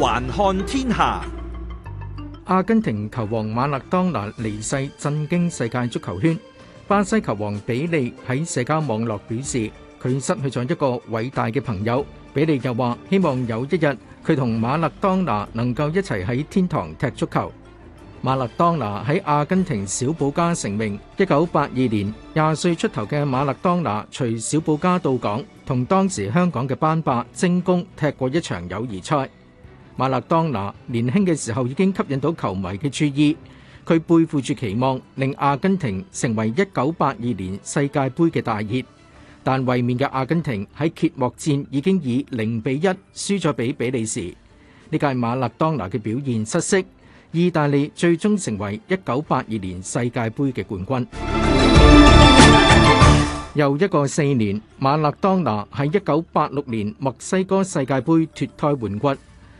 環看天下，阿根廷球王馬勒當拿離世，震驚世界足球圈。巴西球王比利喺社交網絡表示，佢失去咗一個偉大嘅朋友。比利又話，希望有一日佢同馬勒當拿能夠一齊喺天堂踢足球。馬勒當拿喺阿根廷小保加成名。一九八二年，廿歲出頭嘅馬勒當拿隨小保加到港，同當時香港嘅班霸精工踢過一場友誼賽。馬勒當拿年輕嘅時候已經吸引到球迷嘅注意，佢背負住期望，令阿根廷成為一九八二年世界盃嘅大熱。但衛冕嘅阿根廷喺揭幕戰已經以零比一輸咗俾比利時，呢屆馬勒當拿嘅表現失色，意大利最終成為一九八二年世界盃嘅冠軍。又一個四年，馬勒當拿喺一九八六年墨西哥世界盃脫胎換骨。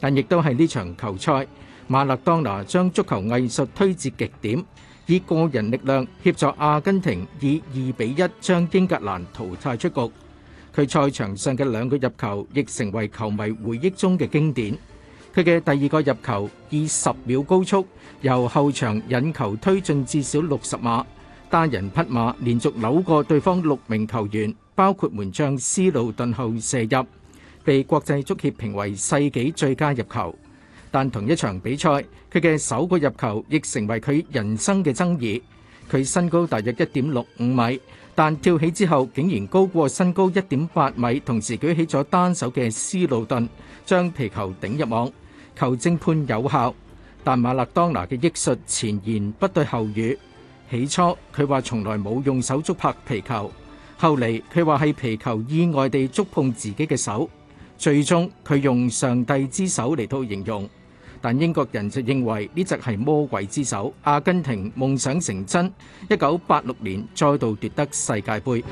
但亦都係呢場球賽，馬勒當拿將足球藝術推至極點，以個人力量協助阿根廷以二比一將英格蘭淘汰出局。佢賽場上嘅兩個入球亦成為球迷回憶中嘅經典。佢嘅第二個入球以十秒高速由後場引球推進至少六十碼，單人匹馬連續扭過對方六名球員，包括門將斯路頓後射入。被國際足協評為世紀最佳入球，但同一場比賽，佢嘅首個入球亦成為佢人生嘅爭議。佢身高大約一點六五米，但跳起之後竟然高過身高一點八米，同時舉起咗單手嘅斯路頓，將皮球頂入網，球證判有效。但馬勒當拿嘅憶述前言不對後語。起初佢話從來冇用手觸拍皮球，後嚟佢話係皮球意外地觸碰自己嘅手。最終佢用上帝之手嚟到形容，但英國人就認為呢隻係魔鬼之手。阿根廷夢想成真，一九八六年再度奪得世界盃。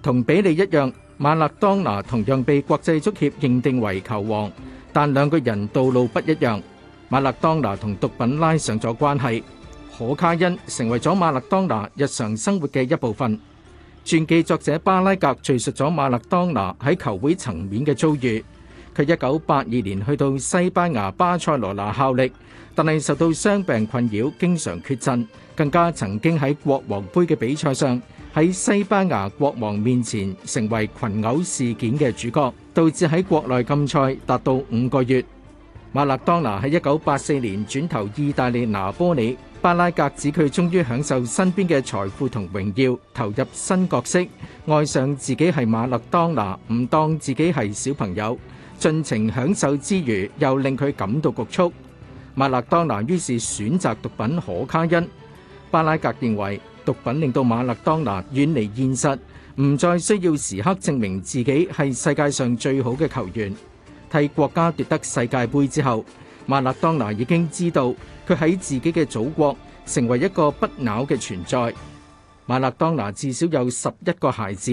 同比利一樣，馬勒當拿同樣被國際足協認定為球王，但兩個人道路不一樣。馬勒當拿同毒品拉上咗關係，可卡因成為咗馬勒當拿日常生活嘅一部分。傳記作者巴拉格敍述咗馬勒當拿喺球會層面嘅遭遇。佢一九八二年去到西班牙巴塞羅那效力，但係受到傷病困擾，經常缺陣。更加曾經喺國王杯嘅比賽上，喺西班牙國王面前成為群毆事件嘅主角，導致喺國內禁賽達到五個月。馬勒當拿喺一九八四年轉投意大利拿波里。巴拉格指佢終於享受身邊嘅財富同榮耀，投入新角色，愛上自己係馬勒當拿，唔當自己係小朋友，盡情享受之餘，又令佢感到局促。馬勒當拿於是選擇毒品可卡因。巴拉格認為毒品令到馬勒當拿遠離現實，唔再需要時刻證明自己係世界上最好嘅球員。替國家奪得世界盃之後，馬勒當拿已經知道佢喺自己嘅祖國成為一個不朽嘅存在。馬勒當拿至少有十一個孩子。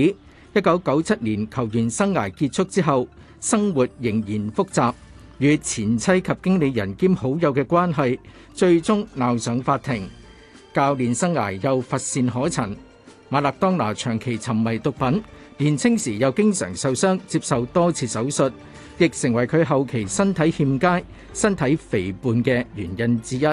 一九九七年球員生涯結束之後，生活仍然複雜，與前妻及經理人兼好友嘅關係最終鬧上法庭。教練生涯又乏善可陳。馬勒當拿長期沉迷毒品，年青時又經常受傷，接受多次手術，亦成為佢後期身體欠佳、身體肥胖嘅原因之一。